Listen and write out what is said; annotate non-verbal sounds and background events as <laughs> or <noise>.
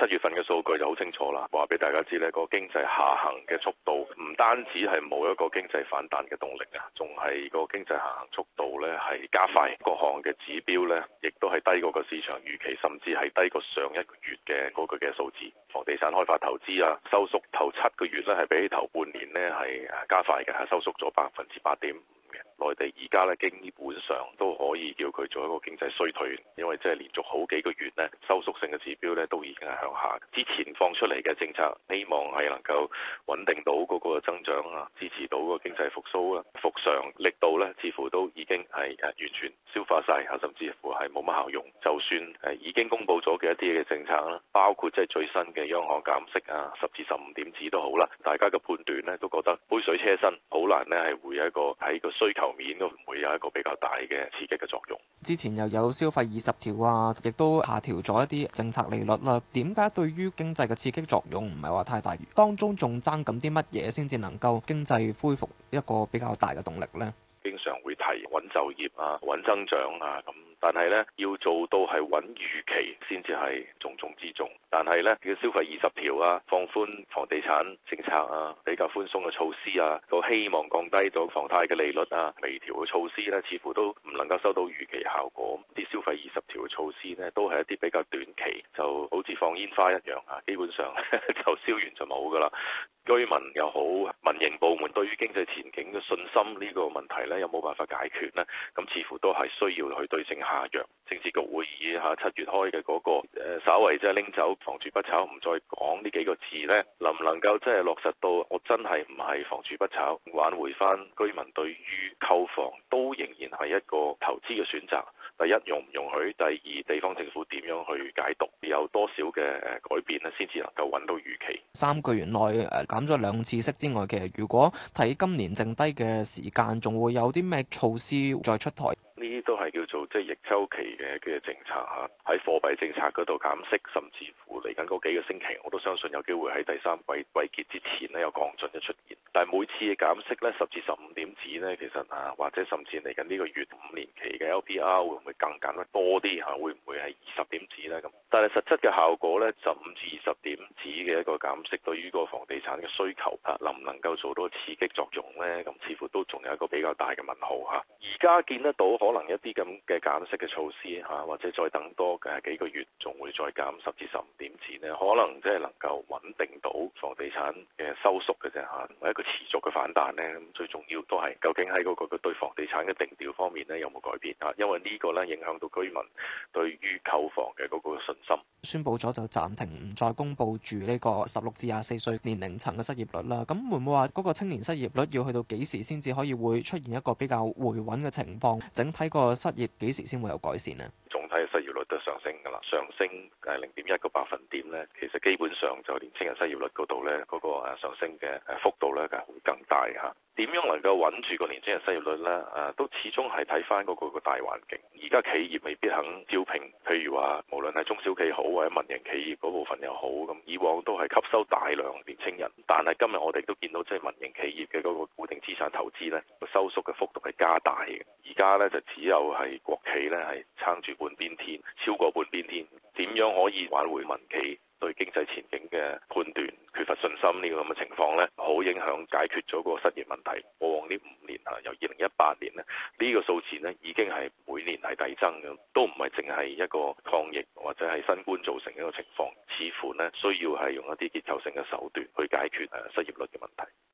七月份嘅數據就好清楚啦，話俾大家知，呢個經濟下行嘅速度唔單止係冇一個經濟反彈嘅動力啊，仲係個經濟下行速度呢係加快，各項嘅指標呢亦都係低過個市場預期，甚至係低過上一個月嘅嗰個嘅數字。房地產開發投資啊，收縮頭七個月呢係比起頭半年呢係加快嘅，收縮咗百分之八點。內地而家咧基本上都可以叫佢做一個經濟衰退，因為即係連續好幾個月咧收縮性嘅指標咧都已經係向下。之前放出嚟嘅政策，希望係能夠穩定到嗰個增長啊，支持到個經濟復甦啊，復常力度咧似乎都已經，係完全消化晒，甚至乎係冇乜效用。就算係已經公布咗嘅一啲嘅政策啦，包括即係最新嘅央行減息啊，十至十五點子都好啦。大家嘅判斷咧，都覺得杯水車薪，好難咧係會有一個喺個需求面都會有一個比較大嘅刺激嘅作用。之前又有，有消費二十條啊，亦都下調咗一啲政策利率啦。點解對於經濟嘅刺激作用唔係話太大？當中仲爭緊啲乜嘢先至能夠經濟恢復一個比較大嘅動力呢？經常會提穩就業啊，穩增長啊咁。但係咧要做到係穩預期，先至係重中之重但呢。但係咧，嘅消費二十條啊，放寬房地產政策啊，比較寬鬆嘅措施啊，個希望降低到房貸嘅利率啊，微調嘅措施咧，似乎都唔能夠收到預期效果。啲消費二十條嘅措施呢，都係一啲比較短期，就好似放煙花一樣啊，基本上 <laughs> 就燒完就冇㗎啦。居民又好，民營部門對於經濟前景嘅信心呢個問題咧，有冇辦法解決呢？咁似乎都係需要去對症下藥，政治局會議嚇七月開嘅嗰、那個，稍為即係拎走房住不炒，唔再講呢幾個字咧，能唔能夠即係落實到我真係唔係房住不炒，挽回翻居民對於購房都仍然係一個投資嘅選擇。第一容唔容許，第二地方政府點樣去解讀，有多少嘅改變咧，先至能夠揾到預期。三個月內誒、呃、減咗兩次息之外，其實如果睇今年剩低嘅時間，仲會有啲咩措施再出台？叫做即係逆周期嘅嘅政策吓、啊，喺貨幣政策嗰度減息，甚至乎嚟緊嗰幾個星期，我都相信有機會喺第三季季結之前咧有降準嘅出現。但係每次嘅減息咧十至十五點子咧，其實啊，或者甚至嚟緊呢個月五年期嘅 LPR 會唔會更減得多啲吓、啊，會唔會係二十點子咧咁？但係實質嘅效果咧，十五至二十點子嘅一個減息，對於個房地產嘅需求啊，能唔能夠做到刺激作用咧？咁似乎都仲有一個比較大嘅問號吓、啊，而家見得到可能一啲咁嘅減息嘅措施吓，或者再等多嘅幾個月，仲會再減十至十五點子咧，可能即係能夠穩定到房地產嘅收縮嘅啫吓，唔係一個持續嘅反彈咧。咁最重要都係究竟喺嗰個對房地產嘅定調方面咧有冇改變啊？因為呢個咧影響到居民對於購房嘅嗰個信心。宣布咗就暫停唔再公布住呢個十六至廿四歲年齡層嘅失業率啦。咁會唔會話嗰個青年失業率要去到幾時先至可以會出現一個比較回穩嘅情況？整體個失失業幾時先會有改善呢？總體嘅失業率都上升噶啦，上升誒零點一個百分點咧，其實基本上就年青人失業率嗰度咧，嗰個誒上升嘅誒幅度咧，梗係會更大吓。點樣能夠穩住個年青人失業率咧？誒，都始終係睇翻嗰個個大環境。而家企業未必肯招聘，譬如話。係中小企好，或者民營企業嗰部分又好，咁以往都係吸收大量年青人。但係今日我哋都見到，即係民營企業嘅嗰個固定資產投資咧，個收縮嘅幅度係加大嘅。而家呢，就只有係國企呢，係撐住半邊天，超過半邊天。點樣可以挽回民企對經濟前景嘅判斷？缺乏信心呢個咁嘅情況呢，好影響解決咗個失業問題。過往呢五年啊，由二零一八年呢，呢個數字呢已經係每年係遞增嘅，都唔係淨係一個抗疫或者係新冠造成一個情況，似乎呢，需要係用一啲結構性嘅手段去解決誒失業率嘅問題。